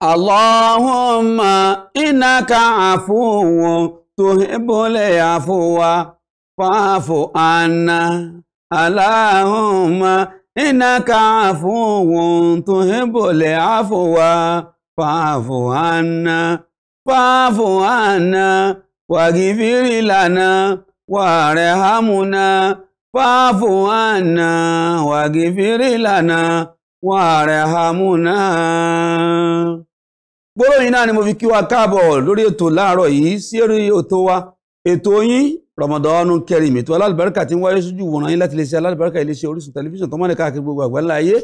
Allahumma innaka afuwun tuhibbul afwa fa'fu anna. Allahumma innaka afuwun tuhibbul afwa fa'fu anna. Fa'fu anna waghfir lana warhamna fa'fu anna waghfir lana warhamna. gbóròyìn náà ni mo fi kí wa káàbọ̀ lórí ètò láàárọ̀ yìí sí eré ètò wa ètò yín rọmọdọ́nù kẹrin ètò alálùbáríkà tí ń wáyé sójú wòran yín láti lè ṣe alálùbáríkà iléeṣẹ́ Orísun tẹlifíṣàn tó mọ́ni káàkiri gbogbo àgbáńlá ayé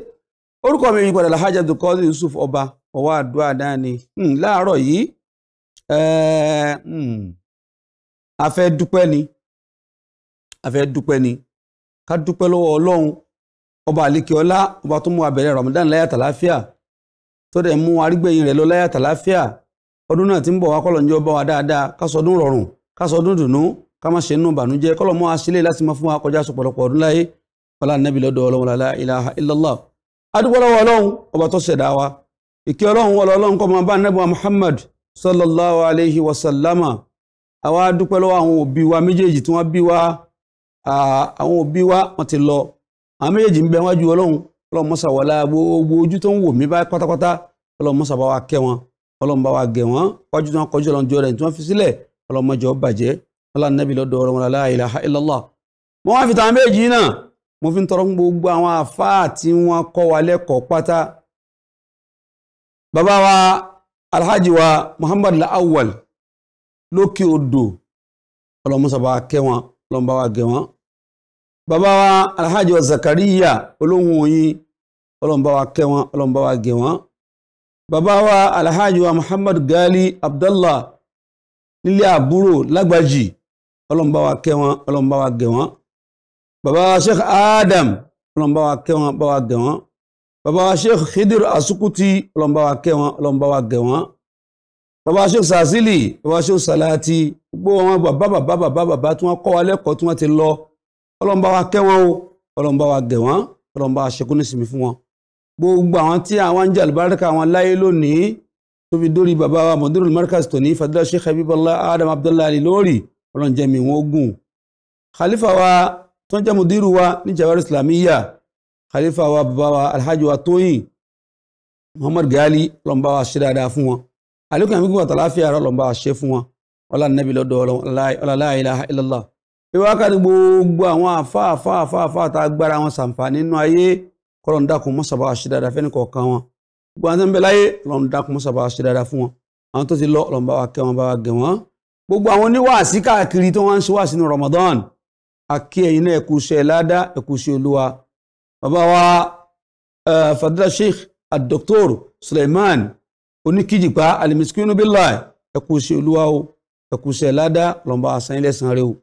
orúkọ mi ìyípadà làhájà dùkọ́sí Yusuf ọba ọwọ́ àdúrà dání hmm, láàárọ̀ yìí hmm, a fẹ́ dúpẹ́ ni a fẹ́ dúpẹ́ ni ká dúpẹ́ lọ́wọ́ Ọlọ́run ọba àlekèọlá ọba tó mú abẹ̀rẹ̀ rọmọdánù láyàtà láfíà tó dẹ̀ mú arígbẹ̀yìn rẹ̀ lọ láyà tàlàáfíà ọdún náà ti ń bọ̀ wá kọ́lọ̀ ń jọ bá wa dáadáa kásọdún rọrùn kásọdún dùnú ká má ṣe nínú bànújẹ́ kọ́lọ̀ mọ́ aṣílẹ̀ láti máa fún wa kọjá sọ pọ̀lọpọ̀ ọdún láyé wọlá nẹ́bí lọ́dọ̀ ọlọ́run lálá ilaha illallah adúgbòlọ́wọ́ ọlọ́run ọba tó ṣẹ̀dá wa ìkẹ́ ọlọ́run wọlọ́ ọlọ́run kọ́ máa bá nẹ́bí wa muhammad sallallahu alayhi wa sallama àwa dúpẹ́ lọ́wọ́ àwọn òbí wa méjèèjì tí wọ́n bí wa àwọn òbí wa wọ́n ti lọ àwọn méjèèjì ń bẹ wájú ọlọ́run ọlọ́run mọ́sà wọlá gbogbo ojú tó ń wò mí bá pátápátá ọlọ́run mọ́sà bá wa kẹ́ wọn ọlọ́run bá wa gẹ̀ wọ́n kọjú tí wọ́n kọjú ọlọ́run jọ rẹ̀ tí wọ́n fi sílẹ̀ ọlọ́run mọ́jọ bàjẹ́ ọlọ́run nẹ́bí lọ́dọ̀ ọ̀rọ̀ wọn la ilaha mo wá fi tàn méjì náà mo fi ń tọrọ gbogbo àwọn àfáà tí wọ́n kọ́ wa lẹ́kọ̀ọ́ pátá bàbá wa alhaji wa muhammad la'awal lókè odò ọlọ́run mọ́sà bá wa kẹ́ wọn ọlọ́run ọlọ́run bá wa kẹ́ wọn ọlọ́run bá wa gẹ̀ wọn. bàbá wa alhaji wa muhammad gali abdallah nílé àbúrò lágbàjì ọlọ́run bá wa kẹ́ wọn ọlọ́run bá wa gẹ̀ wọn. bàbá wa sheikh adam ọlọ́run bá wa kẹ́ wọn bá wa gẹ̀ wọn. bàbá wa sheikh khidir asukuti ọlọ́run bá wa kẹ́ wọn ọlọ́run bá wa gẹ̀ sheikh sazili bàbá sheikh salati gbogbo wọn bàbá bàbá bàbá bàbá tí wọ́n kọ́ wa lẹ́kọ̀ọ́ tí wọ́n ti lọ ọlọ́run bá o ọlọ́run bá wa gẹ̀ wọ́n fún wọn gbogbo àwọn tí àwọn ń jẹ àlùbáríkà wọn láyé lónìí tó fi dórí bàbá wa mọ̀dúrún markaz tó ní fadúrà sheikh habibullah adam abdullahi ali lórí ọlọ́njẹ́mi wọn ogun khalifa wa tó ń jẹ́ mọ̀dúrún wa ní jawar islamiyya khalifa wa bàbá wa alhaji wa tóyìn muhammad gali lọ́nba wa ṣe dáadáa fún wọn alikun àmì gbogbo àtàláfíà rẹ lọ́nba wa ṣe fún wọn ọlá nàbí lọ́dọ̀ ọlá ilaha illallah ìwákàtí gbogbo àwọn àfáàfáàfáà tá a gbára wọn sàǹfà nínú ayé kọ́lọ̀ ń dákun mọ́sàbá àṣẹ dáadáa fẹ́ni kọ̀ọ̀kan wọn gbogbo àwọn tó ń bẹ láyé lọ́n ń dákun mọ́sàbá àṣẹ dáadáa fún wọn àwọn tó ti lọ lọ́n bá wa kẹ́ wọn bá wa gẹ̀ wọ́n gbogbo àwọn oníwàásí káàkiri tó wọ́n ń ṣíwàásí ní Ramadan àkí ẹ̀yin náà ẹ̀kú iṣẹ́ ládá ẹ̀kú iṣẹ́ olúwa bàbá wa eh, fadila sheikh adoktor Suleiman oníkìjìpá alimiskinu billah ẹ̀kú iṣẹ́ olúwa o ẹ̀kú iṣẹ́ ládá lọ́n bá wa san ilẹ̀ san rẹ o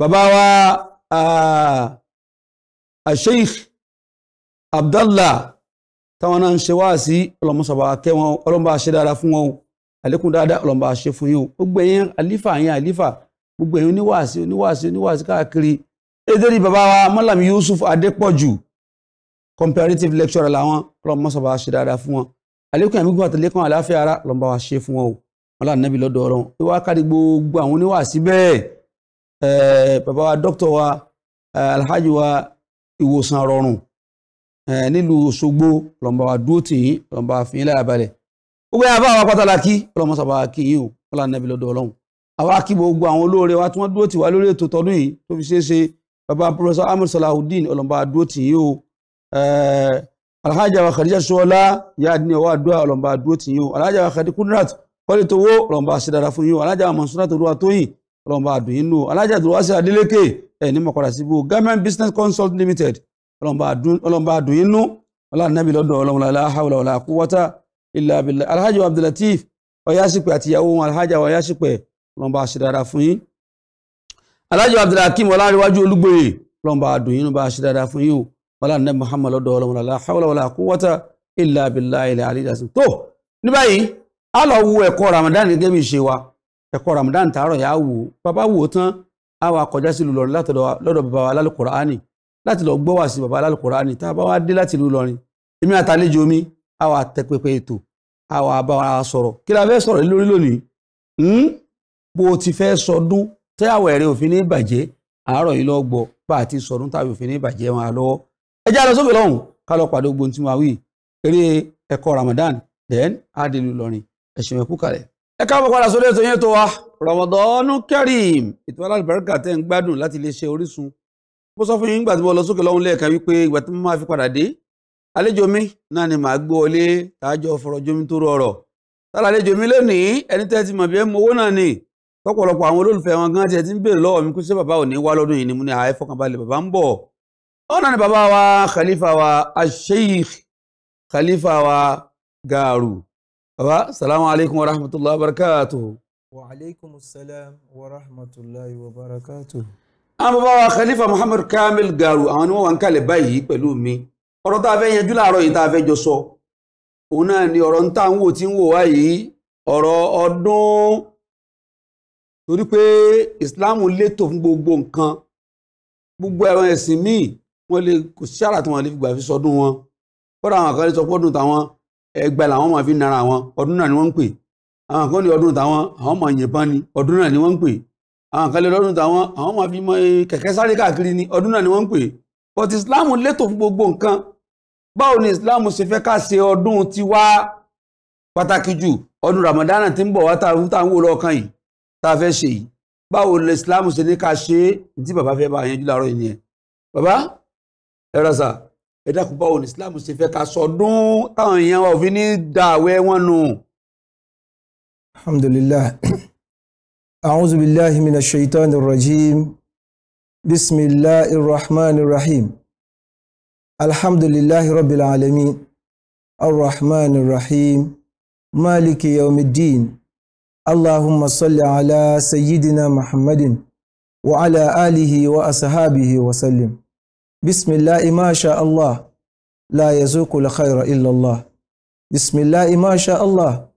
bàbá wa ah, sheikh abdallah táwọn náà ń ṣe wá sí ọlọmọsọba kẹ́ wọn ọlọmọba ṣe dáadáa fún wọn o àlékún dáadáa ọlọmọba ṣe fún yín o gbogbo ẹ̀yin àlífà yín àlífà gbogbo ẹ̀yin oníwàásí oníwàásí oníwàásí káàkiri ederi bàbá wa malam yusuf Adepoju, comparative lecturer làwọn ọlọmọsọba ṣe dáadáa fún wọn àlékún àmígbọn àtàlékún àláfíà ara ọlọmọba ṣe fún wọn o mọlà nàbí lọ́dọ̀ ọ̀rọ̀ wíwá kárí gbogbo àwọn oníwàásí bẹ́ẹ̀ bàbá wa dókítà wa alhaji wa ìwòsàn rọrùn nílùú Òṣogbo lọ́nba wa dúró tì yín lọ́nba wa fi yín láyà balẹ̀ gbogbo yàrá àwọn apátálà kí ọlọ́mọ sábà kí yín o ọlá nàbí lọ́dọ̀ ọlọ́run àwa kí gbogbo àwọn olóore wa tí wọ́n dúró tì wá lórí ètò tọdún yìí tó fi ṣeé ṣe bàbá pọfẹsọ Ahmed Salahuddin ọlọ́mọba wa dúró tì yín o alhaji awa Khadija Ṣọlá ìyá àdínní ọwọ́ àdúrà ọlọ́mọba wa dúró tì yín o alhaji awa Khadija Kudrat kọ́lé tó wó ọlọ́mọba ṣe dára fún yín o alhaji awa Mansura tó wá tóyìn ọlọ́mọba àdùn yín nù Government Business Consult Limited ọlọ́mọba àdùn inú ọlọ́nàbí lọ́dọ̀ ọlọ́mọlá aláhàwọ̀lá ọ̀là quwwata illa billah alhaji abdulateef ọyásípẹ̀ àti ìyàwó wọn alhaji àwọn ọyásípẹ̀ ọlọ́mọba àṣedára fún yín alhaji abdulhakeem ọlárẹ̀wájú olúgbòye ọlọ́mọba àdùn inú bá àṣedára fún yín ọlọ́nàbí muhammad lọ́dọ̀ ọlọ́mọlá aláhàwọ̀lá ọ̀là quwwata illa billah ilẹ̀ alídàsí tó ní báyìí a lọ wo ẹ̀kọ́ ramadan gẹ́gẹ́ bí ṣe wa ẹ̀kọ́ ramadan tààrọ̀ yà á wò bàbá wò tán a wà kọjá sí lùlọrin látọ̀dọ̀ bàbá wa lálùkùránì láti lọ gbọ́ wá sí baba alákùránì tá a bá wá dé láti ìlú Ìlọrin èmi àtàlejò mi a wà tẹ pẹpẹ ètò a wà bá wa sọ̀rọ̀ kí la fẹ́ sọ̀rọ̀ lórí lónìí hmm? bó o ti fẹ́ sọdún tẹ́ àwọ̀ ẹ̀rẹ́ òfin ní ìbàjẹ́ àárọ̀ yìí lọ́ọ́ gbọ́ bá a ti sọdún táwọn òfin ní ìbàjẹ́ wọn lọ́wọ́ ẹ já lọ sókè lọ́hùn ká lọ pàdé ogun tí wọn wí eré ẹ̀kọ́ Ramadan then adèlú Ìlọrin ẹ̀sìn ẹ̀kú kalẹ̀. ẹ káàbọ̀ padà sórí ètò yẹn tó wa Ramadan Kareem ètò alábẹ̀rẹ̀ kàtẹ́ ń gbádùn láti iléeṣẹ́ Orísun mo sọ fún yín nígbà tí mo lọ sókè lọ́hún lẹ́ẹ̀kan wípé ìgbà tí mo máa fi padà dé àlejò mi náà ni màá gbé wọlé tààjọ fọ̀rọ̀ jomi tó rọrọ̀ tààlà àlejò mi lónìí ẹni tẹ́ ti mọ̀ bí ẹ mọ owó náà ni tọ́pọ̀lọpọ̀ àwọn olólùfẹ́ wọn gan tiẹ̀ ti ń béèrè lọ́wọ́ mi kó ṣe bàbá òní wá lọ́dún yìí ni mo ní àyè fọkànbalẹ̀ bàbá ń bọ̀ ọ̀nà ni bàbá wa khalifa wa asheikh khalifa wa gaaru bàbá salamu alaykum wa rahmatulahi wa barakatuhu. wa alaykum salam wa rahmatulahi wa barakatuhu àwọn bàbá wa Khalifa Muhammad Kamil Garu àwọn ni wọ́n wà ń kalẹ̀ báyìí pẹ̀lú mi ọ̀rọ̀ tá a fẹ́ yanjú láàárọ̀ yìí tá a fẹ́ jọ sọ òun náà ni ọ̀rọ̀ ń tà ń wò tí ń wò wá yìí ọ̀rọ̀ ọdún torí pé Islam létò fún gbogbo nǹkan gbogbo ẹ̀rọ ẹ̀sìn míì wọ́n lè kò sí àrà tí wọ́n lè fi gbà fi sọdún wọn kọ́dà àwọn kan lè sọ pọ́dún táwọn ẹgbẹ́ làwọn máa fi nara wọn ọdún náà ni wọ́n ń pè àwọn kan ní ọdún táwọn àwọn máa yìnbọn ni ọdún náà ni wọ́n ń pè àwọn kan lè lọ́dún táwọn àwọn máa fi mọ eh, kẹ̀kẹ́ sáré káàkiri ni ọdún náà ni wọ́n ń pè but islam létò fún gbogbo nǹkan báwo ni islam ṣe fẹ́ ká ṣe ọdún tiwa pàtàkì jù ọdún ramadana tí ń bọ̀ wá táwọn tá ń wò lọ́ọ̀kan yìí tá a fẹ́ ṣe yìí báwo ni islam ṣe ní ká ṣe é tí bàbá fẹ́ bá yanjú láàárọ̀ yìí nìyẹn bàbá ẹ rasa ẹ dákun báwo ni islam ṣe fẹ́ ká sọdún táwọn èèyàn wa ò fi ní dàwẹ́ wọn nù. alhamdulillah أعوذ بالله من الشيطان الرجيم بسم الله الرحمن الرحيم الحمد لله رب العالمين الرحمن الرحيم مالك يوم الدين اللهم صل على سيدنا محمد وعلى آله وأصحابه وسلم بسم الله ما شاء الله لا يزوق الخير إلا الله بسم الله ما شاء الله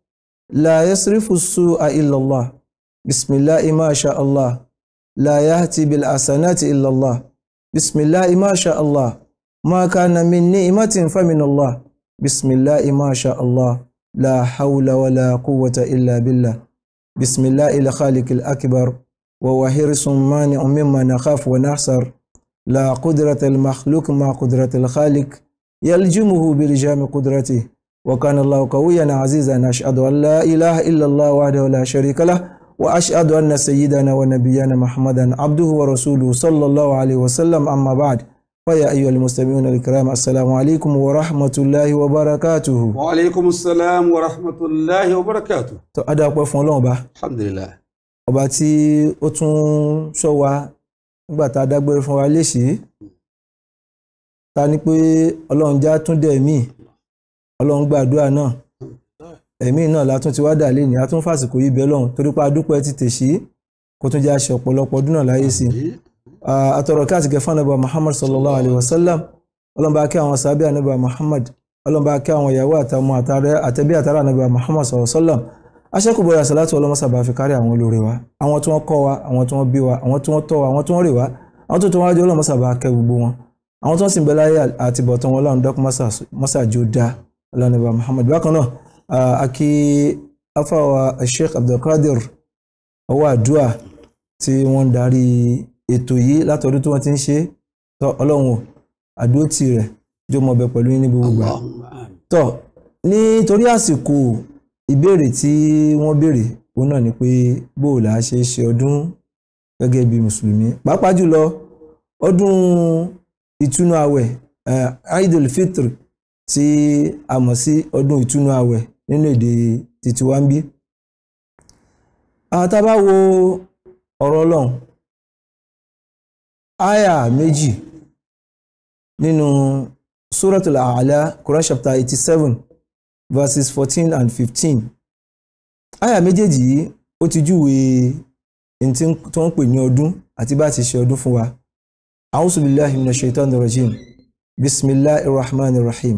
لا يصرف السوء إلا الله بسم الله ما شاء الله لا يهتي بالحسنات إلا الله بسم الله ما شاء الله ما كان من نعمة فمن الله بسم الله ما شاء الله لا حول ولا قوة إلا بالله بسم الله الخالق الأكبر ووهرس مانع مما نخاف ونحسر لا قدرة المخلوق ما قدرة الخالق يلجمه بلجام قدرته وكان الله قويا عزيزا أشهد أن لا إله إلا الله وحده لا شريك له وأشهد أن سيدنا ونبينا محمدا عبده ورسوله صلى الله عليه وسلم أما بعد فيا أيها المستمعون الكرام السلام عليكم ورحمة الله وبركاته وعليكم السلام ورحمة الله وبركاته أدا أقوى فون الحمد لله ọba tí ó tún sọ wa nígbà tá a dágbére fún wa léṣe ta ni pé ọlọ́run já tún dẹ̀ mí ọlọ́run gbàdúrà náà ẹ̀mí náà látún ti wá dà lé ní atún fàsìkò yìí bẹ́ẹ̀ lọ́hùn torí pa dúpẹ́ ti tèṣí kó tún jẹ́ àṣẹ ọ̀pọ̀lọpọ̀ ọdún náà láyé sí i. àtọ̀rọ̀ káàtì gẹ̀fà nàbà Muhammad sallallahu alayhi wa sallam ọlọ́mọba kí àwọn sàbíà nàbà Muhammad ọlọ́mọba kí àwọn ìyàwó àtàwọn àtẹ̀bí àtàrà nàbà Muhammad sallallahu alayhi wa sallam aṣẹ́kùbọ̀rẹ̀ àṣàlátù ọlọ́mọsàbà fi wa àwọn wa àwọn wa àwọn tí wọ́n tọ́ wa àwọn tí wọ́n rè wa àwọn tó tó Muhammad bákan akí afáwa sheikh abdulkadir ọwọ́ àdúà tí wọ́n ń darí ètò yìí látọdún tí wọ́n ti ń ṣe tọ́ ọlọ́run àdúró tì rẹ̀ jó mọ̀ bẹ pẹ̀lú ní gbogbo gbà tọ́ nítorí àsìkò ìbéèrè tí wọ́n béèrè òun náà ni pé bóò là á ṣe ṣe ọdún gẹ́gẹ́ bí mùsùlùmí pàápàá jùlọ ọdún ìtúnu àwẹ̀ Eid al-Fitr tí a mọ̀ sí ọdún ìtúnu àwẹ̀ nínú èdè títí wá ń bí. àtà wo ọ̀rọ̀ ọlọ́run àyà méjì nínú suratul A'la Quran chapter eighty seven verses fourteen and fifteen àyà méjèèjì yìí ó ti júwe ẹni tó ń pè ní ọdún àti bá ti ṣe ọdún fún wa. A'udhu billahi minash shaitanir rajim bismillahir rahmanir rahim.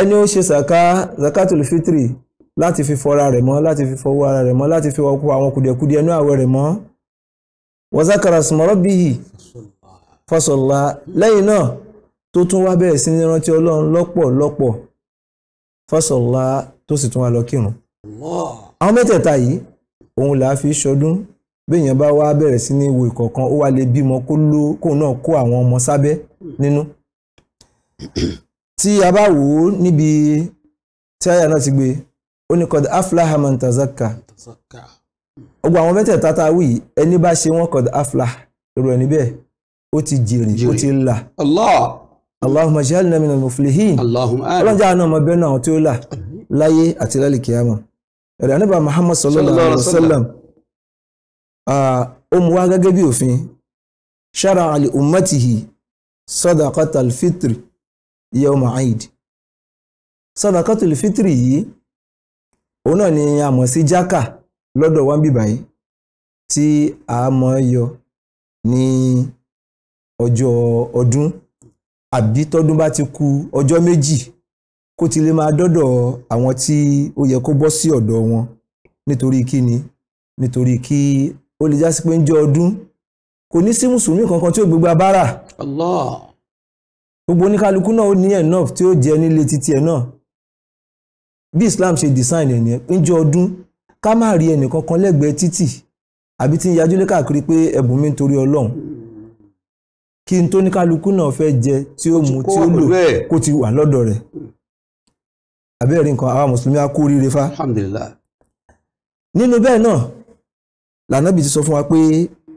ẹni ó ṣe zaka zakatul fitri láti fi fọra rẹ̀ mọ́ láti fi fọwọ́ ara rẹ̀ mọ́ láti fi wọkọ àwọn kùdìẹ̀kudìẹ inú àwẹ̀ rẹ̀ mọ́ wazakara sumọrọ bihi fasọlá lẹ́yìn náà tó tún wá bẹ̀rẹ̀ sí ní rántí Ọlọ́run lọ́pọ̀lọpọ̀ fasọlá tó sì tún wá lọ kírun. àwọn mẹ́tẹ̀ẹ̀ta yìí òun là á fi ṣọdún béèyàn bá wá bẹ̀rẹ̀ sí ní wo ìkọ̀ọ̀kan ó wá lè bímọ kó náà kó àwọn ọmọ sábẹ́ nínú tí a bá wò ó níbi tí àyà náà ti gbé ó ní kọ́d aflaha man tazakka ọgbà àwọn mẹ́tẹ̀ẹ̀ta tá a wí ẹni bá ṣe wọ́n kọ́d aflah èrò ẹni bẹ́ẹ̀ ó ti jèrè ó ti là allahumma ja'alna minal muflihin ọlọ́jà àná ọmọ bẹ́ẹ̀ náà tí ó là láyé àti lálẹ́ kìámà ẹ̀rẹ̀ àníbà muhammad sallallahu alayhi wa sallam ó mú wá gẹ́gẹ́ bí òfin shara'a li ummatihi sadaqatal fitri yawma eid sadaqatul fitri yìí òun náà ni a mọ̀ sí jákà lọ́dọ̀ wa bíbá yìí tí a mọ̀ yọ ní ọjọ́ ọdún àbí tọdún bá ti ku ọjọ́ méjì kó ti lè máa dọ́dọ̀ àwọn tí ó yẹ kó bọ́ sí ọ̀dọ̀ wọn nítorí kíni nítorí kí ó lè jásí pé ń jẹ́ ọdún kò ní sí mùsùlùmí kankan tí ó gbégbá bára. Allah gbogbo oníkálukú náà ó ní enough tí ó jẹ nílé títí ẹ náà bí Islam ṣe design ẹ̀ nìyẹn níjọ ọdún ká má rí ẹnìkan kan lẹ́gbẹ̀ẹ́ títì àbí tí ń yajú lé káàkiri pé ẹ̀bùn mi ń torí Ọlọ́run kí n tó níkálukú náà fẹ́ jẹ tí ó mu tí ó lò kó ti wà lọ́dọ̀ rẹ̀ àbẹ́rẹ́ nǹkan àwa mùsùlùmí á kú oríire fa nínú bẹ́ẹ̀ náà lànàbì ti sọ fún wa pé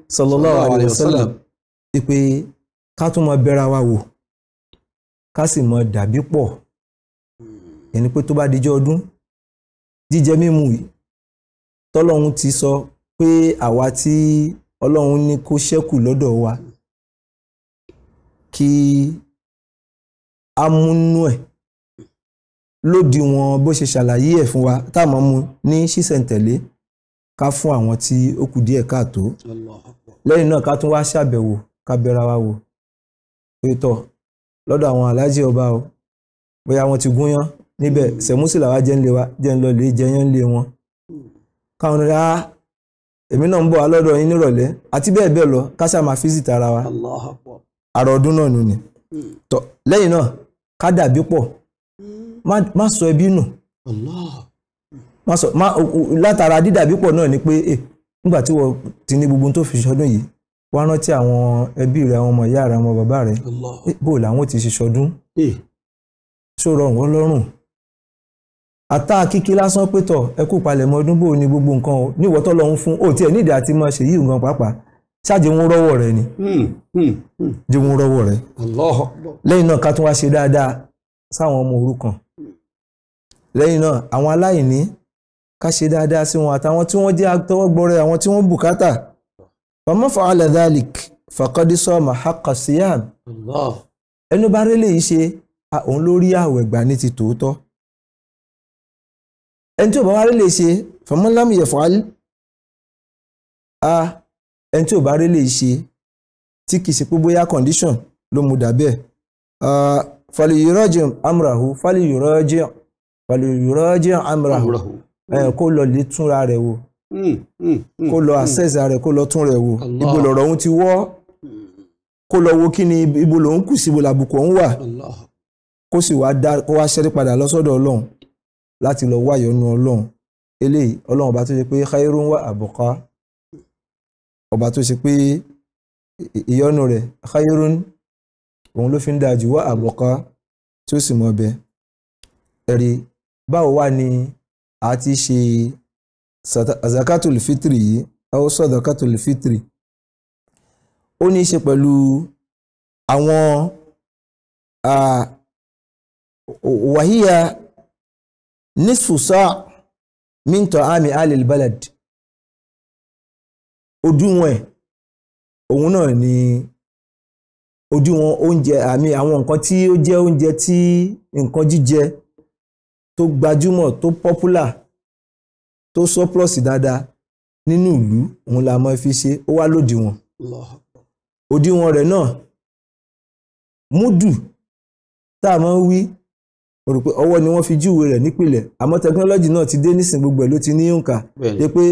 sallallahu alayhi wa sallam pé ká tún máa bẹ̀rẹ̀ wa wò ká sì mọ dàbí pọ̀ ẹni pé tó bá dijọ́ ọdún jíjẹ mímu tọ́lọ́run ti sọ pé àwa tí ọlọ́run ní kó ṣẹ́kù lọ́dọ̀ wa kí a múnú ẹ̀ lódiwọ̀n bó ṣe ṣàlàyé ẹ̀ fún wa tá mú ní ṣísẹ̀ntẹ̀lé ká fún àwọn tí ó kù díẹ̀ káàtó lẹ́yìn náà ká tún wá ṣàbẹ̀wò ká bẹ̀ra wa wò pé tọ́ lọ́dọ̀ àwọn aláàjì ọba o bóyá wọ́n ti gúnyán níbẹ̀ sẹ̀músìlà hmm. wa jẹ́ ń lé wa jẹ́ ń lọ lè jẹyán lé wọn káwọn ní ah èmi náà ń bọ̀ wá lọ́dọ̀ yín nírọ̀lẹ́ àti bẹ́ẹ̀ bẹ́ẹ̀ lọ ká sáà máa fíìsì tara wa àrò ọdún náà nù ni hmm. tọ lẹ́yìn náà ká dàbí pọ̀ hmm. má sọ ẹbí nù látara dídàbí pọ̀ náà ni pé nígbà tí wọ́n ti ní gbogbo tó fi ṣọdún yìí wá rántí àwọn ẹbí rẹ àwọn ọmọ ìyá rẹ àwọn bàbá rẹ bó làwọn ti ṣe sọdún ṣó rọrùn wọ́n lọ́rùn àtà kíkí lásán pétọ̀ ẹ kú palẹ̀mọ́ ọdún bò ní gbogbo nǹkan o ní ìwọ́tọ́ lọ́hún fún ó tiẹ̀ nídìí àti máa ṣèyí nǹkan pàápàá ṣáàjì wọn rọ́wọ́ rẹ ni hmm, hmm, hmm. jẹ wọn rọ́wọ́ rẹ lẹ́yìn náà ká tún wá ṣe dáadáa sáwọn ọmọ òrukàn lẹ́yìn náà àwọn aláìní ká ṣe dáadáa sí wọn àtàwọn tí wọ́n jẹ́ àtọwọ́gbọ́rẹ́ àwọn tí wọ́n bùkátà fama fa'ala dhalik faqad sama haqqa siyam ẹnu bá rélé yìí ṣe òun ló rí àwẹ̀ gbà ní ti tòótọ́ ẹni tí ò bá wá rélé ṣe faman lam yaf'al a ẹni tí ò bá rélé ṣe tí kì í ṣe pé bóyá condition ló mu dàbẹ́ falyuraji' amrahu falyuraji' falyuraji' amrahu kó lọ lè túnra rẹ̀ wò Hmm, hmm, hmm, kó lọ access rẹ̀ kó lọ tún rẹ̀ wò ibo lọ̀rọ̀ òun ti wọ́ kó lọ wo kí ni ibo lòun kù sí ibo làbùkù òun wà kó sì wá dá kó wá ṣẹ́rí padà lọ́sọ́dọ̀ ọlọ́run láti lọ wá ìyọ́nú ọlọ́run eléyìí ọlọ́run ọba tó ṣe pé khairun wa àbùkà ọba tó ṣe pé ìyọ́nú rẹ̀ khairun òun ló fi ń dáa jù wá àbùkà tí sì mọ ọbẹ̀ ẹ̀rí báwo wà ní a ṣe zakatul fitri yìí aw sadaqatul fitri ó ní í ṣe pẹ̀lú àwọn wàhíyà nisfu sa' min ta'ami alil balad ojúwọn ẹ̀ òun náà ni ojúwọn oúnjẹ àmì àwọn nǹkan tí ó jẹ́ oúnjẹ tí nǹkan jíjẹ tó gbajúmọ̀ tó popular tó surplus dáadáa nínú ìlú òun la máa fi ṣe ó wá lòdìwọ̀n òdìwọ̀n rẹ̀ náà múdù tá a máa ń wí mo ni wọ́n fi júwe rẹ̀ nípìnlẹ̀ àmọ́ tẹkinọ́lọ́jì náà ti dé nísìn gbogbo ẹ̀ ló ti ní òǹkà de pé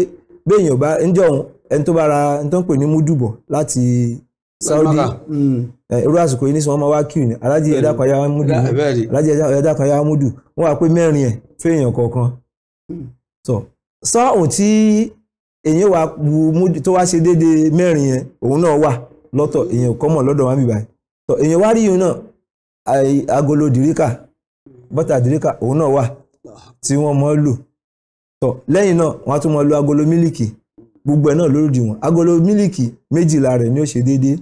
béèyàn bá ń jọ òun ẹni tó bá ra ẹni tó ń pè ní múdùbọ̀ láti Saudi hmm. irú àsìkò yìí nísìn wọ́n máa wá kíù ní alájí ẹ̀dá kan yáwá múdù alájí ẹ̀dá kan yáwá múdù wọ́n wá pé mẹ́rin ẹ̀ fẹ́yàn kọ̀ọ̀kan hmm sọ́ọ̀hún tí èyí wa wù tó wá ṣe déédéé mẹ́rin yẹn òun náà wà lọ́tọ̀ èyàn kọ́mọ̀ lọ́dọ̀ wa bíbáyìí tọ́ èyàn wá rí yìí náà agolo dirika bọ́tà dirika òun náà wà tí wọ́n mọ̀ lò tọ́ lẹ́yìn náà wọ́n á tún mọ̀ lo agolo mílìkì gbogbo ẹ̀ náà lórí wọn agolo mílìkì méjìlá rẹ̀ ni ó ṣe déédéé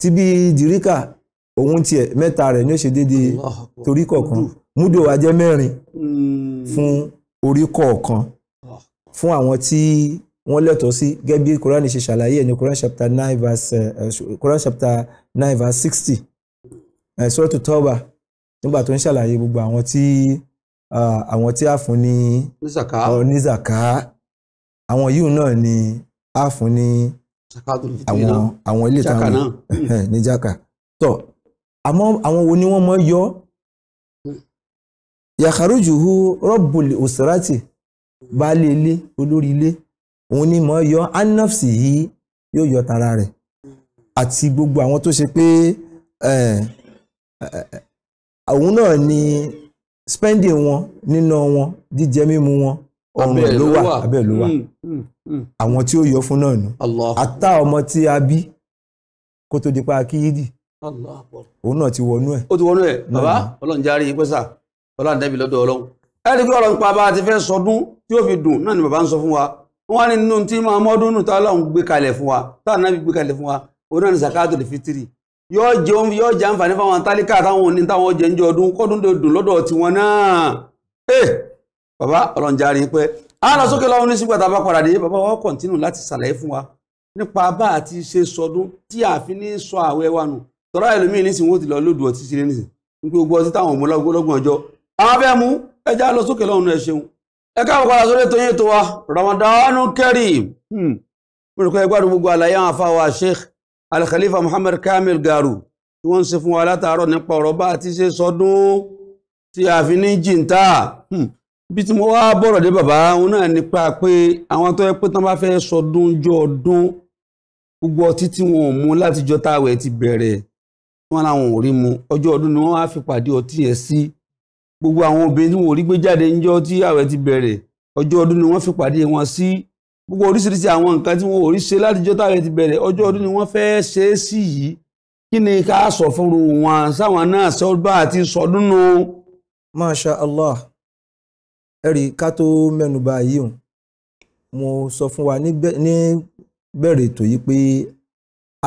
tí bí dìríkà òun tiẹ̀ mẹ́ta rẹ̀ ni ó ṣe déédéé torí kọ̀ọ̀kan múdò wa jẹ́ mẹ́rin hmm. fún orí kọ̀ọ̀kan fún àwọn tí wọ́n lẹ́tọ̀ọ́ sí gẹ́gẹ́ bí Quran ṣe ṣàlàyé ẹ̀ ní Quran chapter nine verse uh, Quran chapter nine verse sixty uh, eh, Suratu Tawbah nígbà tó ń ṣàlàyé gbogbo àwọn tí ah, àwọn tí a fún ní ní zaka àwọn yìí náà ni a fún ní àwọn ilé ìtàn ní jaka tó àmọ́ àwọn wo ni wọ́n mọ̀ yọ yàkàrùjùhù rọ́bùlì òsèrátì baálé ilé olórí ilé òun ni mọ̀ yọ anafsi yìí yóò yọ tara rẹ̀ àti gbogbo àwọn tó ṣe pé òun náà ni spending wọn níná wọn jíjẹ mímu wọn ọrùn ló wà abẹ́ ló wà àwọn tí ó yọ fún náà nù àtà ọmọ tí a bí kó tó di pa kíyídì òun náà ti wọnú ẹ̀. ó ti wọnú ẹ̀ bàbá ọlọ́run yín pẹ́ sáà ọlọ́run ànábì lọ́dọ̀ ọlọ́run ẹni pé ọlọ́run pa bá ti fẹ́ sọdún tí ó fi dùn náà ni bàbá ń sọ fún wa wọ́n ní nínú tí máa mọ́dún nù tá ọlọ́run gbé kalẹ̀ fún wa tá ànábì gbé kalẹ̀ fún wa òun náà ni zakato lè fi tiri yóò jẹ yóò jẹ àǹfààní fáwọn tálíkà táwọn òní táwọn ọjẹ ń jẹ ọdún kọ́dún tó dùn lọ́dọ̀ tiwọn náà ee eh! bàbá ọlọ́run járe pẹ́ á lọ sókè lọ́wọ́ ní sígbà tá a bá padà dé bàbá wa kọ̀ǹtínù láti ṣàlàyé fún wa nípa bá a ti ṣe sọdún tí a fi ní sọ àwẹ̀ wa nù tọ́lá ẹlòmíín nísìnyí wọ́n ti lọ lódù ọtí ṣe nísìnyí gbogbo ọtí táwọn ọmọ ọlọ́gbọ́n ọjọ́ àwọn afẹ́ mú ẹjá lọ sókè lọ́run ẹ ṣeun ẹ káàbọ̀ padà sórí ètò tó wa Ramadan Kareem hmm. mo rò pé ẹgbàdùn gbogbo àlàyé àwọn afáwà Sheikh Al-Khalifa Muhammad Kamil Garu tí wọ́n ń ṣe fún wa látàárọ̀ nípa ọ̀rọ̀ bá àti ṣe sọdún tí a fi ní jìntà hmm. bí tí mo wá bọ̀rọ̀ dé bàbá òun náà nípa pé àwọn tó yẹ pé tán bá fẹ́ sọdún jọ ọdún gbogbo ọtí tí wọn ò mú láti jọ táwẹ̀ ti bẹ̀rẹ̀ wọn làwọn ò rí mu ọjọ́ ọdún ni wọ́n á fi pàdé ọtí yẹn sí. Si gbogbo àwọn obìnrin tí wọn ò rí gbé jáde níjọ́ tí ààwẹ̀ ti bẹ̀rẹ̀ ọjọ́ ọdún ni wọ́n fi pàdé wọn sí gbogbo oríṣiríṣi àwọn nǹkan tí wọn ò rí ṣe látijọ́ táàwẹ̀ ti bẹ̀rẹ̀ ọjọ́ ọdún ni wọ́n fẹ́ ṣe é sí yìí kí ni ká sọ fún wọn sáwọn náà sọ bá àti sọdún nù. masha allah ẹ̀rí ká tó mẹ́nuba yìí mo sọ fún wa ní bẹ̀rẹ̀ ètò yìí pé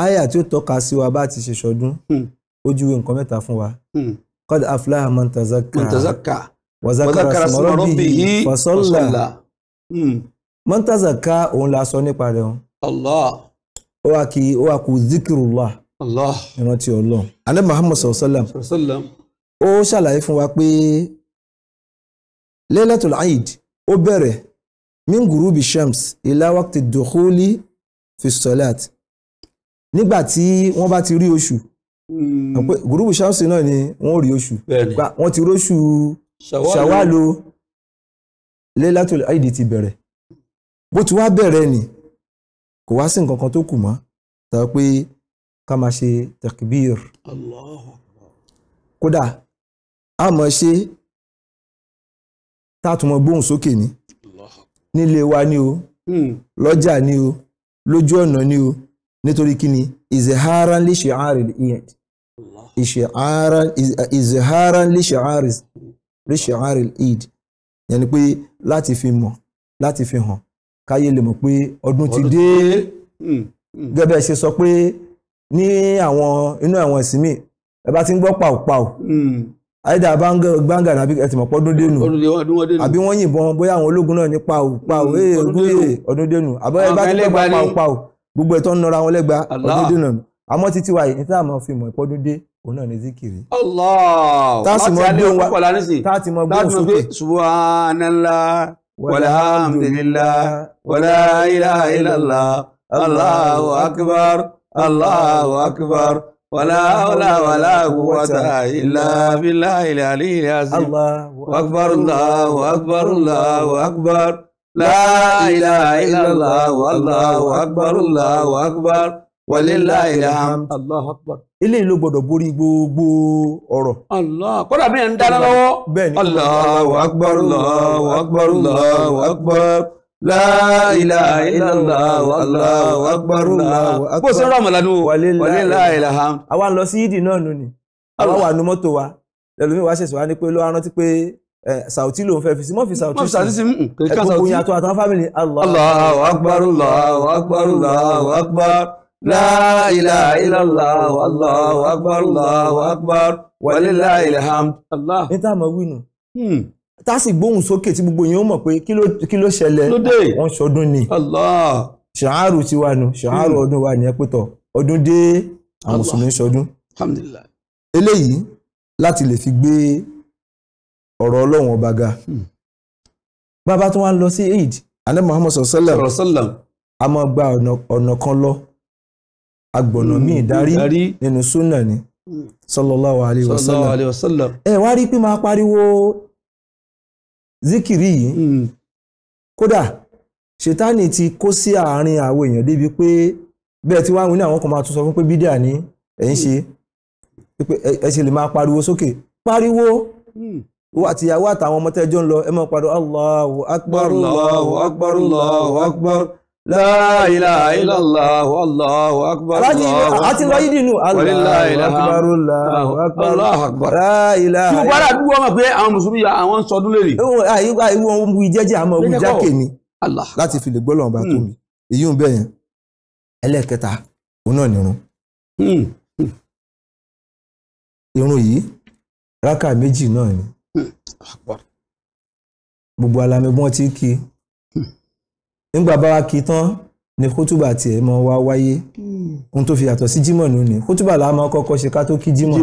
àyà tí ó tọ́ka sí wa bá ti ṣe sọdún hmm. ó nǹkan mẹ́ta fún wa. Hmm. قد أفلح من تزكى من تزكى وذكر اسم ربه فصلى من تزكى òun la sọ nípa rẹ̀ òun. Allah. ó wà kí ó wà kú zikirullah. Allah. ìrántí Ọlọ́run. alẹ́ Muhammad sallam. sallam. ó ṣàlàyé fún wa pé lailatul eid ó bẹ̀rẹ̀ min gurubi shams ila waqti dukhuli fi salat nígbà tí wọ́n bá ti rí oṣù Hmm. gúrúùbù ṣáàṣì náà ni wọ́n rí oṣù wọ́n ti róṣù ṣàwálò lẹ́látò àìdí ti bẹ̀rẹ̀ bó ti wá bẹ̀rẹ̀ ni kò wá sí nǹkan kan tó kù mọ́ tàbí pé ká máa ṣe takbir kódà a máa ṣe tátùmọ̀ gbóhùn sókè ni nílé wa ni o hmm. lọ́jà ni o lójú ọ̀nà ni o nítorí kí ni ìzìhárán lè ṣe àárín ìyẹn ìzìhárán lè ṣe àárín ìd yẹn ni pé láti fi mọ̀ láti fi hàn káyé lè mọ̀ pé ọdún ti dé hmm, hmm. gẹ́gẹ́ ṣe sọ pé ní àwọn inú àwọn ẹ̀sìn míì ẹ bá ti ń gbọ́ pàòpàò àìdá gbáǹgà àbí ẹ ti mọ̀ pọ́ ọdún dénú àbí wọ́n yìnbọn bóyá àwọn ológun náà ní pàòpàò hmm, ọdún dénú àbọ̀ ẹ bá ti gbọ́ pàòpàò gbogbo ẹ̀tọ́ ń nọra wọn lẹ́gba ọdún dènà nù títí wa yìí níta máa fi mọ̀ ìpọ́dún òun náà ní zikiri. Allah láti alẹ́ òun pọ̀ lánàá sí láti mọ gbóhùn sókè. subhanallah walhamdulillah wala ilaha illallah allahu akbar allahu akbar wala wala wala quwwata illa billahi aliyil akbar allahu akbar allahu akbar. لا إله إلا الله والله أكبر الله أكبر ولله الحمد الله أكبر eléyìí ló gbọ́dọ̀ borí gbogbo ọ̀rọ̀. allah kódà bí ẹ ń dáná lọ́wọ́. bẹ́ẹ̀ni. allahu akbar allahu akbar allahu akbar la ilaha illallah allahu akbar allahu akbar. bó o ṣe ń rọ àmàlànú o. walilayi alhamd. àwa ń lọ sí yídì náà nù ni. àwa wà nu mọ́tò wa ẹlòmíì ṣẹ̀ṣẹ̀ wá ní pé ló rántí pé Eh, Sauti ló ń fẹ́ fi sí mọ́ fi Sauti sí eh, gbogbo yàtọ̀ àtàwọn fámìlì Allahu akbar Allahu akbar Allahu akbar la ilaha illallah Allahu akbar Allahu akbar walillahil hamd. ní táwọn wínú hmm. tá a sì gbóhùn sókè tí gbogbo yẹn ó mọ̀ pé kí ló ṣẹlẹ̀ wọ́n ṣọdún ni ṣàárù ti wà nù ṣàárù hmm. ọdún wà ní ẹ̀pẹ̀tọ̀ ọdún dé àwọn mùsùlùmí ṣọdún. eléyìí láti lè fi gbé ọ̀rọ̀ ọlọ́run ọba ga. Hmm. bàbá tó wá ń lọ sí eid alẹ́ muhammed sọ̀sọ́lẹ̀ a máa gba ọ̀nà kan lọ agbọ̀nà míì hmm. darí nínú súnà ni hmm. sallallahu alayhi wa sallam ẹ wá rí pé máa pariwo zikiri yìí kódà ṣètánì ti kó sí àárín àwọn èèyàn débi pé bẹ́ẹ̀ tí wàá wí ní àwọn kan máa tún sọ fún pé bídíà ni ẹ̀ ń ṣe ẹ ṣe lè máa pariwo sókè pariwo wọ́n àti ìyàwó àtàwọn ọmọ tẹ́jọ́ ń lọ ẹ máa pariwo Allahu akbar Allahu akbar Allahu akbar la ilaha illallah Allahu akbar aláàjì àti lọ yídì nù Allahu akbar Allahu akbar la ilaha. tí o bá dàbí wọ́n mọ̀ pé àwọn mùsùlùmí àwọn ń sọdún lérè. ìwọ ohun wí jẹ́jẹ́ àmọ́ wí jákè mi láti fi lè gbọ́ lọ́wọ́ tó hmm. mi èyí ń bẹ̀ ẹlẹ́ẹ̀kẹta òun náà nìrun. Hmm. Hmm. irun yìí rákà méjì náà ni gbogbo alamẹgbọn ti kí nígbà bá wa kí tán ni kótùbà tiẹ̀ mọ wá wáyé ohun tó fi yàtọ̀ sí jímọ̀ nù ni kótùbà làá máa kọ́kọ́ ṣe ká tó kí jímọ̀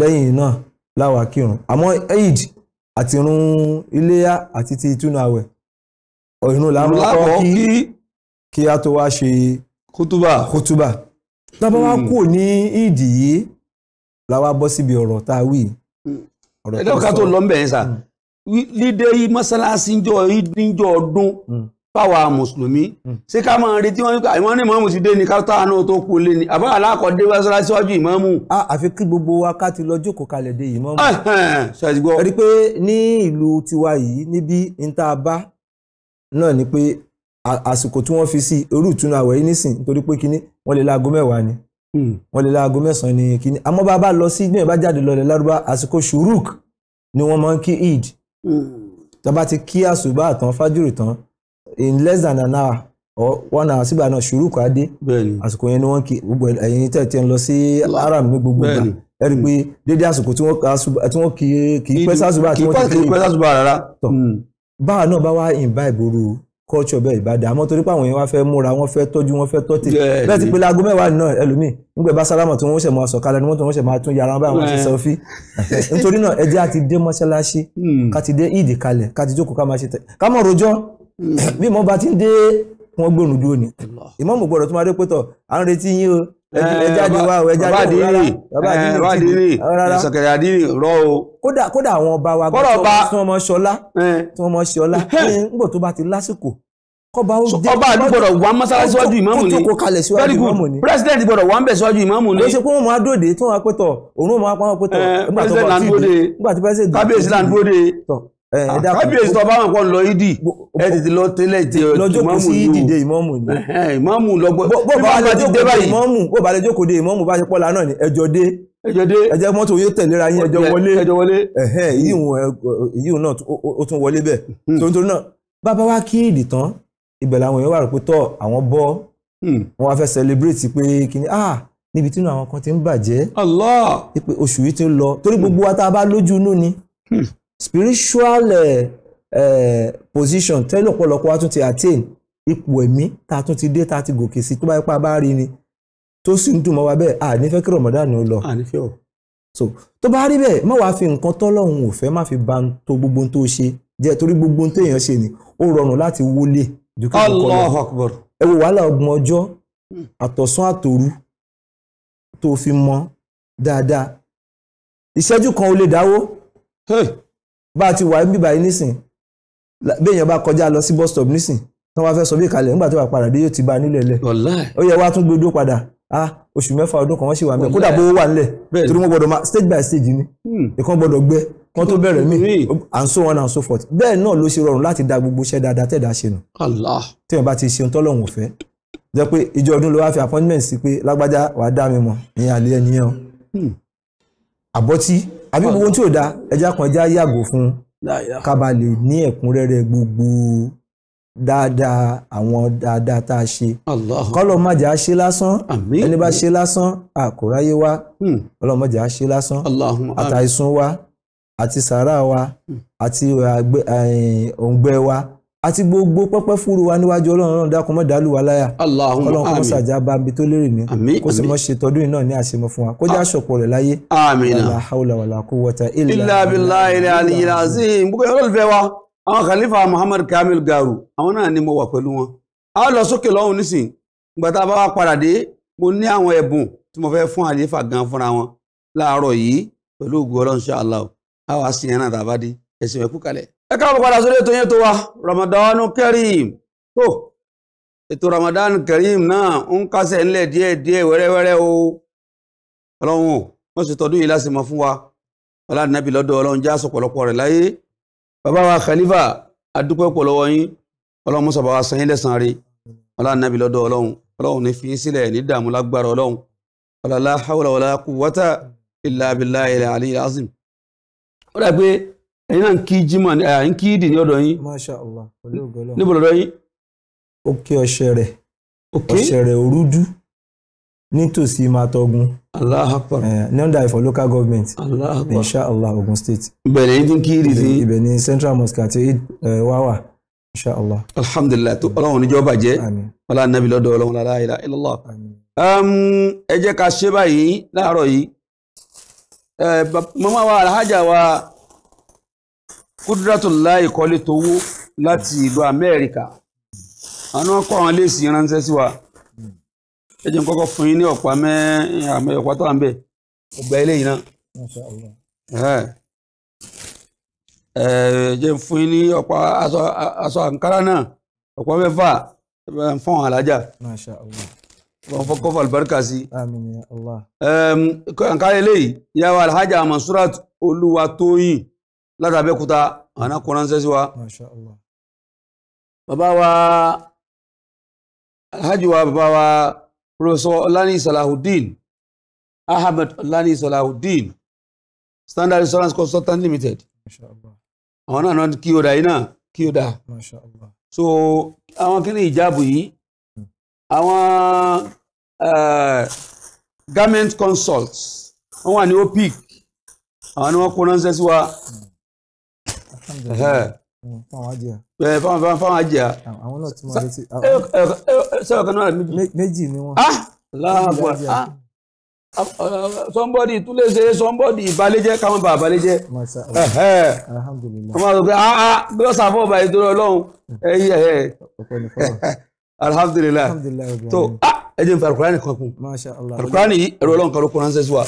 lẹ́yìn náà láwa kírun àmọ́ eid àti irun iléyá àti ti ìtúnu àwẹ̀ ọ̀run làá máa kọ́ kí kí a tó wá ṣe kótùbà tábà wá hmm. kù ní eid yìí làwa bọ́ síbi ọ̀rọ̀ tá a wí hmm ọ̀rọ̀ tó sọ ẹ̀dọ́ka tó lọ ń bẹ̀ ẹ́ sà hmm. lídé yìí mọ́sálásí ń jọ ìdíjọ ọdún hmm. fáwa mùsùlùmí hmm. ṣé ká máa retí wọn nípa ìwọ́n ní ìmọ̀ọ́mù ti dé ní káwọ́ táwọn náà tó kú lé ní àbá aláàkọ́dé mọ́sálásí wájú ìmọ̀ọ́mù. àfi kí gbogbo wa ká ti lọ jókòó kalẹ̀ dé ìmọ̀ọ́mù. ṣàtìgbọ́. ẹ rí i pé ní ìlú tiwa yìí níbi níta bá náà ni pé àsìkò tí wọ́n fi sí orú ìtúnu àwẹ̀ yìí nísìn nítorí pé kinní wọ́n lè láago mẹ́wàá ni Hmm. wọ́n lè láago mẹ́sàn-án ní kíní bá a bá lọ sí bí wọ́n bá jáde lọ lẹ̀ lárúbá àsìkò ṣùrùk ni wọ́n máa ń kí eid hmm. tó bá ti kí àsùbá àtàn fájúrì tán in less than an hour or one hour sígbà náà ṣùrùk á dé àsìkò yẹn ni wọ́n kí gbogbo ẹ̀yin tẹ̀ tẹ̀ ń lọ sí haram ní gbogbo ìgbà ẹ rí i pé hmm. dédé àsìkò tí wọ́n kì í pẹ́ sásùbà tí wọ́n ti kí báwa náà bá wá ìbá ìbòrú culture bẹ́ẹ̀ ìbàdàn àmọ́ torí pé àwọn yẹn wá fẹ́ múra wọ́n fẹ́ tọ́jú wọ́n fẹ́ tọ́tì bẹ́ẹ̀ ti pé laago mẹ́wàá náà ẹlòmíì ń gbẹ bá sálámà tí wọ́n ṣẹ̀ máa sọ̀kalẹ̀ ni wọ́n tí wọ́n ṣẹ̀ máa tún yàrá báyìí wọ́n ti sọ fí. nítorí náà ẹjẹ́ àti dé mọ́ṣáláṣí hmm. ká ti dé ìdì kalẹ̀ ká ti jókòó ká máa ṣe tẹ̀ ká mọ̀ rojọ́ hmm. bí mo bá ti dé wọ́n gbóòrùn dúró ni ìmọ̀mù gbọ́dọ̀ tó máa dé pé tọ̀ à ń retí yín o ẹjáde eh, wa o ẹjáde wa rárá bàbá àdìrí bàbá ìsọkẹrẹ àdìrí rọ o. kódà kódà àwọn ọba wa gbọ́dọ̀ tí wọ́n mọ ṣọlá eh. tí wọ́n mọ ṣọlá nígbà tó bá ti lásìkò ọba àdúgbò gbọ́dọ̀ wà mọ́sálásí síwájú ìmáàmù ni kótó kó kalẹ̀ síwájú ìmáàmù ni president gbọ́dọ̀ wà ń bẹ̀ síwájú ìmáàmù ni. ó ṣe pé wọ́n máa dóde tí wọ́n máa pé tọ̀ òun ó máa pé tọ̀ eh, nígbà tó bá ti dé nígbà tó bá ti dé kábíyèsí là ń Eh, ah, kábíyèsí tó bá wọn kọ́ lọ ìdí ẹ tètè lọ tẹ́lẹ̀ tí ìmọ̀mù ní ìdìde ìmọ̀mù ní. ìmọ̀mù lọ́gbọ́n bó bá lè jókòó dé ìmọ̀mù bó bá lè jókòó dé ìmọ̀mù bá ṣe pọ́lá náà ni ẹjọ́ dé ẹjọ́ dé ẹjọ́ mọ́tò yóò tẹ̀léra yín ẹjọ́ wọlé ẹjọ́ wọlé ìyíhùn hmm. náà ó tún wọlé bẹ́ẹ̀ hmm. tontoni náà bàbá wa kí ìdì tán ibẹ̀ làwọn èèyàn wà rò pé tọ́ àwọn bọ́ hmm. wọn wá fẹ́ celebrate pé kíni ah níbi tínú àwọn kan ti ń bàjẹ́ oṣù yìí ti ń lọ torí gbogbo wa tá a bá lójú inú ni spiritual uh, uh, position tẹ́lẹ̀ ọ̀pọ̀lọpọ̀ wa tún ti attain ipò ẹ̀mí ta tún ti dé ta ti gòkè sí tó bá ipá bá rí ni tó sì ń dùn mọ́ wa bẹ́ẹ̀ à nífẹ̀ẹ́ kí Ramadan ó lọ. so tó bá rí bẹ́ẹ̀ má wàá fi nǹkan tọ́lọ́hún ò fẹ́ má fi ba tó gbogbo tó ṣe jẹ́ torí gbogbo tó èèyàn ṣe ni ó rọrùn láti wọlé. Allahu Akbar. ẹ wo wàhálà ọgbọ̀n ọjọ́ hmm. àtọ̀sán àtòru tó fi mọ́ dáadáa ìṣẹ́jú kan ò lè dáwó. Hey bá a ti wà níbí báyìí nísìn bí èèyàn bá kọjá lọ sí bus stop nísìn tí wọ́n bá fẹ́ sọ bí kalẹ̀ nígbà tó wà padà dé yóò ti bá a nílẹ̀ lẹ̀ ó yẹ wá tún gbé odó padà ah oṣù mẹ́fà ọdún kan wọ́n sì wà mẹ́ kódà bówó wà nílẹ̀ torí wọ́n gbọ́dọ̀ máa stage by stage ni hmm. ìkan gbọ́dọ̀ gbẹ wọ́n tó bẹ̀rẹ̀ mí and so on and so forth bẹ́ẹ̀ náà ló ṣe rọrùn láti da gbogbo iṣẹ́ dáadáa tẹ̀dá ṣe nù tí wọ́n bá ti ṣe tọ́lọ́hún ò fẹ́ jẹ́ pé ìjọ ọdún ló wá fi appointment sí pé lágbájá wàá dá mi mọ̀ ìyẹn àlẹ́ ẹni yẹn o hmm. àbọ̀tí àbí gbogbo tí ò da ẹja kan ẹja yàgò fún ká ba lè ní ẹ̀kúnrẹ́rẹ́ gbogbo dáadáa àwọn dáadáa tá a ṣe kọ́lọ̀ má jà á ṣe lásán ẹni bá ṣe lásán àkóráyé wa kọ́lọ̀ hmm. má jà á ṣe lásán àtàìsùn wa àti sàárà wa hmm. àti eh, òǹgbẹ wa. Hmm àti gbogbo pẹ́pẹ́ fúru wa níwájú ọlọ́run ọlọ́run dákun mọ́ dàálù wa láyà ọlọ́run kọ́ sàjà bá mi tó lérè ní kó sì mọ́ ṣe tọdún yìí náà ní àṣemọ fún wa kó jẹ́ àṣọpọ̀ rẹ̀ láyé la hawla wala quwwata illa billahi al-aliyyil azim gbogbo olólùfẹ́ wa àwọn khalifa muhammad kamil garu àwọn náà ni mo wà pẹ̀lú wọn a lọ sókè lọ́hùn nísìn ìgbà tá a bá wá padà dé mo ní àwọn ẹ̀bùn tí mo fẹ́ fún àlefa gan fúnra wọn láàárọ̀ yìí pẹ̀lú ògùn ọlọ́run ṣáà allah a wá náà tàbá dé ẹ̀sìn ẹ̀kú kalẹ̀ ẹ káàbọ̀ padà sórí ètò yẹn tó wa Ramadan Kareem tó ètò Ramadan Kareem náà ń kásẹ̀ ńlẹ̀ díẹ̀ díẹ̀ wẹ́rẹ́wẹ́rẹ́ o ọlọ́run o wọ́n sì tọdún yìí láti mọ̀ fún wa ọlọ́dúnàbí lọ́dọ̀ ọlọ́run já sọ̀pọ̀lọpọ̀ rẹ̀ láyé bàbá wa Khalifa adúpẹ́ pọ̀ lọ́wọ́ yín ọlọ́run mọ́sà bàbá san yín lẹ́sàn rí ọlọ́dúnàbí lọ́dọ̀ ọlọ́run ọlọ́run ní fi sílẹ̀ ní dààmú lágbára ọlọ́run ọlọ́lá hawla wala quwwata illa billahi al-ali al-azim ó dà pé ẹ̀yìn náà ń kí jimá ń kí ìdì ní ọ̀dọ̀ yín. Masha Allah pẹ̀lú ògbọ́lọ́. níbo lọ́dọ̀ yín. ó kí ọṣẹ rẹ̀ ọṣẹ nítòsí Matogun. Allahu Akbar. ní under ifọ̀ local government. Insha Allah Ogun State. ibẹ̀rẹ̀ yín ti ń kí ìdì ni Central Mosque àti wáwà. Insha Allah. Alhamdulillah tó ọlọ́run Kúdúrátùláì ìkọ́lé tówó láti ìlú Amẹ́ríkà àwọn ọkọ àwọn léèsì ránṣẹ́ sí wa ẹ jẹ́ kọ́kọ́ fún yín ní ọ̀pá mẹ́ ọ̀pá tó wà ń bẹ̀ ọgbà eléyìí náà ẹ fún yín ní ọ̀pá aṣọ àǹkárá náà ọ̀pá mẹ́fà fún láti Abẹ́òkúta àwọn náà kó ránṣẹ́ sí wa. bàbá wa alhaji wa bàbá wa professor ọlani salahudeen ahmed Olani salahudeen standard insurance consultant limited àwọn náà náà kí o dà yìí náà kí o dà so àwọn kí ni ìjáàbù yìí hmm. àwọn garment consults wọ́n wà ní opic àwọn ni wọ́n kó sí wa. Hmm fáwọn àjẹyà. bẹ́ẹ̀ fáwọn fáwọn fáwọn àjẹyà. àwọn náà ti máa retí. sẹ́wọ̀n kan náà méjì ni wọ́n. Ah! láàbọ̀ ah! ah, somebody tún lè ṣe somebody ìbálẹ́jẹ́ káwọn bá àbálẹ́jẹ́. alhamdulilayi. wọ́n máa sọ pé aa bí wọ́n sàfọ́ ọba ìdúró ọlọ́run ẹ̀yìn ẹ̀yẹ. alhamdulilayi. tó ẹ jẹ́ nfa alukurani kan kún. alukurani yìí ẹ̀rọ ọlọ́run kan ló kó ránṣẹ́ sí wa.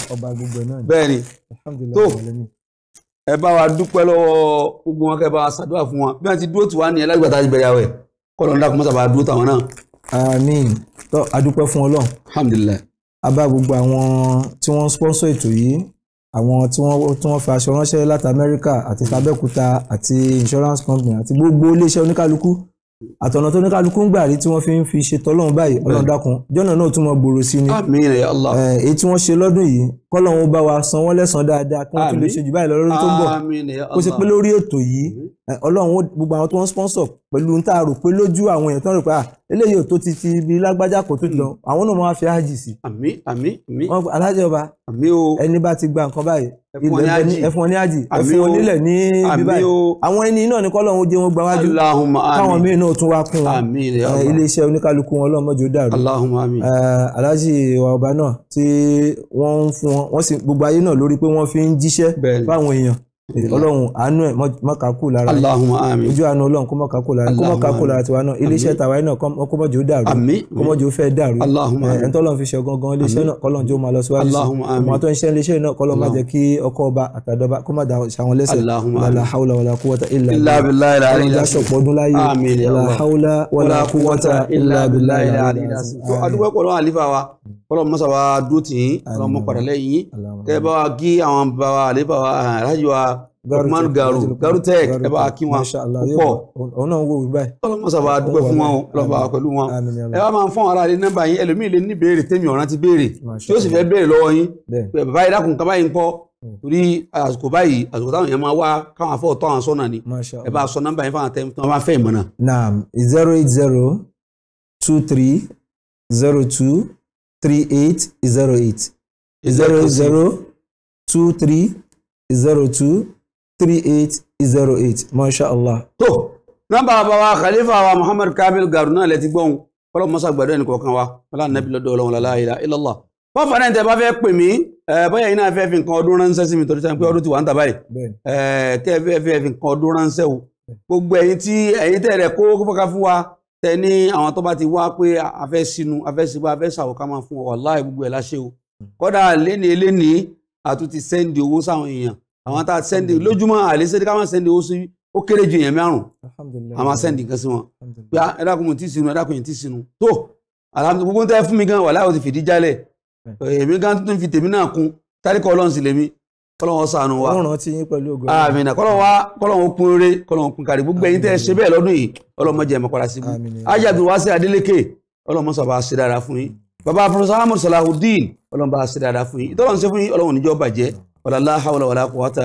bẹ́ẹ̀ ni tó ẹ bá wa dúpẹ́ lọ́wọ́ gbogbo wọn kẹ́ bá wa ṣàdúrà fún wọn bí wọ́n ti dúró tì wá ní ẹ lágbàtà àti bẹ̀rẹ̀ àwẹ̀ kọ́lọ̀ ńlá kọ́mọ́sà bá dúró tàwọn náà. àmín tó adúpẹ́ fún ọlọ́run. alhamdulilayi. a bá gbogbo àwọn tí wọ́n ń sponsor ètò yìí àwọn tí wọ́n tí wọ́n fi aṣọ ránṣẹ́ láti amẹ́ríkà àti tabẹ́kúta àti insurance company àti gbogbo iléeṣẹ́ oníkálukú àtọ̀nà tó ní kálukú ń gbà rí tí wọ́n fi ń fi ṣe tọ́lọ́run báyìí ọlọ́run dákun jọ́nà náà tún mọ gbòòrò sí ni èyí tí wọ́n ṣe lọ́dún yìí kọ́lọ́hún bá wa san wọ́n lẹ́san dáadáa kí wọ́n tún lè ṣe jù báyìí lọ́dún tó ń bọ̀ kó ṣe pé lórí ètò yìí ọlọ́run gbogbo àwọn tó ń sponsor pẹ̀lú ń tà rò pé lójú àwọn èèyàn tó ń rò pé eléyìí ò tó ti fi ibi lágbájá kò tó jọ hmm. àwọn náà máa fi ájì sí. àmín àmín àmín. wọn alájẹ ọba ẹni bá ti gba nǹkan báyìí ẹfun wọn ní ájì ẹfun wọn nílẹ̀ ní bíbáyìí àwọn ẹni náà ní kọ́lọ́hún jẹ́ wọn gbáwájú káwọn míì náà tún wá kún wọn iléeṣẹ́ oníkálukú wọn ọlọ́mọdé ó dàrú alájì ọba náà tí wọ́n ń fún wọn wọ́n sì gbogbo ayé náà lórí pé wọ́n fi ń jíṣẹ́ fáwọn èèyàn ọlọ́run àánú ẹ̀ mọ́kàkù lára Allahumma àmín ojú àánú ọlọ́run kó mọ́kàkù lára kó mọ́kàkù lára tiwa náà iléeṣẹ́ tàwa iná kó mọ́jọ́ dàrú kó mọ́jọ́ fẹ́ dàrú Allahumma àmín ẹ̀ńtọ́ lọ́n fi ṣe gangan iléeṣẹ́ náà kọ́lọ́n jó máa lọ síwájú sí ọmọ tó ń ṣe iléeṣẹ́ náà kọ́lọ́n máa jẹ́ kí ọkọ ọba àtàdọ́ba kó má da ṣàwọn lẹ́sẹ̀ la hawla wala quwwata illa billah ọlọ́run mọ́sàwá dúró tì í ọlọ́run mọ́ padà lẹ́yìn tẹ́ bá wa kí àwọn bàbá àlébà wa àrájì Lukman Garu Garutech ẹ bá kí wọn púpọ̀ òun náà ń wò wí báyìí. ọlọ́mọ sábà dúpẹ́ fún wọn ọlọ́mọ pẹ̀lú wọn ẹ wá máa ń fún àwọn aráàlú nọ́mbà yín ẹlòmíì lè ní béèrè tèmi ọ̀ràn ti béèrè tí ó sì fẹ́ béèrè lọ́wọ́ yín bàbá yìí dákun kábàáyé ń kọ́ hmm. torí àsìkò báyìí àsìkò táwọn èèyàn máa wá káwọn afọ́ tó àwọn sọ́nà ni ẹ bá sọ nọ́mbà yín fáwọn tẹ́mi zero eight zero two three zero two three eight zero eight zero zero two three zero two three eight zero eight masha allah. tó nọ́mbà bàbá khalifa wa muhammad kamil garu náà lẹ́tí gbọ́n kọ́lọ́ mọ́sá gbàdúrà ẹnì kọ̀ọ̀kan wa wala láti nàbí lọ́dọ̀ ọlọ́run la ilaha illallah. wọ́n fà náà tẹ́ bá fẹ́ pè mí bóyá yìí náà fẹ́ fi nǹkan ọdún ránṣẹ́ sí mi torí sáà pé ọdún hmm. ti wà ń tà báyìí tẹ́ fẹ́ fẹ́ fi nǹkan ọdún ránṣẹ́ o gbogbo ẹ̀yin tí ẹ̀yin tẹ́ rẹ̀ kó fọ́ká fún wa tẹ ní àwọn tó bá ti wá pé a fẹ́ sínú a fẹ́ síbá a fẹ́ sàwọ́ ká máa fún wa wàláì gbogbo ẹ̀ láṣẹ o hmm. kódà léni eléni àtúntì sẹ́ndì owó sáwọn èèyàn àwọn tá a sẹ́ndì lójúmọ́ àlẹ́sẹ́dí ká máa sẹ́ndì ó sí ó kéré ju yẹn márùn a máa sẹ́ndì nǹkan sí wọn pé ah, ẹ̀dàkùn mi ti sinú ẹ̀dàkùn yẹn ti sinú tó àlàmì gbogbo tẹ́ fún mi gan wà láwọn ti fìdí jálẹ̀ èmi gan tuntun fi tèmi náà kun táríkọ̀ ọlọ́run sì lèmi kọ́lọ́wọ́ sànù wa àmìnà kọ́lọ́wọ́ kọ́lọ́wọ́ kun eré kọ́lọ́wọ́ kun kárí gbogbo ẹ̀yin tẹ́ ṣe bẹ́ẹ̀ lọ́dún yìí ọlọ́mọ jẹ́ ẹ̀mọ́ padà síbi ajadu wa sí Adeleke ọlọ́mọ sọ̀bà ṣe dára fún yín baba afurasalamu Salahuddin ọlọ́mọ bá ṣe dára fún yín ìtọ́lọ́run ṣe fún yín ọlọ́run níjọ́ bàjẹ́ wàlálà hàwàlà wàlà kọ́wàtà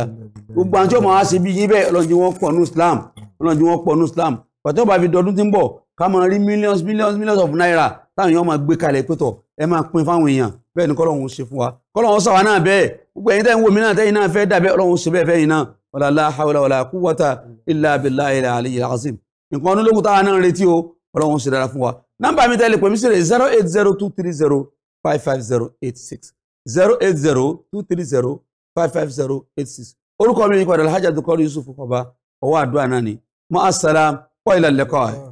gbogbo àwọn tí wọ́n máa ṣe bí yín bẹ́ẹ̀ ọlọ́run jí wọ́n pọ̀ ní islam ọlọ́run jí wọ́n pọ̀ ní islam pàtó bá fi dọdún tí ń bọ̀ ká máa rí millions millions millions of naira táwọn èèyàn máa gbé kalẹ̀ pẹ́tọ̀ ẹ máa pín fáwọn èèyàn bẹ́ẹ̀ ni kọ́lọ́run ṣe fún wa kọ́lọ́run sàwa náà bẹ́ẹ̀ gbogbo ẹ̀yin tẹ́yìn wo mi náà tẹ́yìn náà fẹ́ dàbẹ́ ọlọ́run ṣe bẹ́ẹ̀ fẹ́yìn náà wàlálà hàwàlà wàlà kúwàtà ilà abilà ilà aliyu alazim nǹkan ọdún lókun táwa náà retí o ọlọ́run ṣe dára fún wa nọ́mbà mi tẹ́lẹ̀ pè mí zero eight zero two three zero five five zero eight six zero eight zero two three zero five five zero eight six orúkọ mi ní padà alhaji abdulkadir yusuf ọba ọwọ́ àdúrà náà ni mọ́ asalaam wa ilal liqa.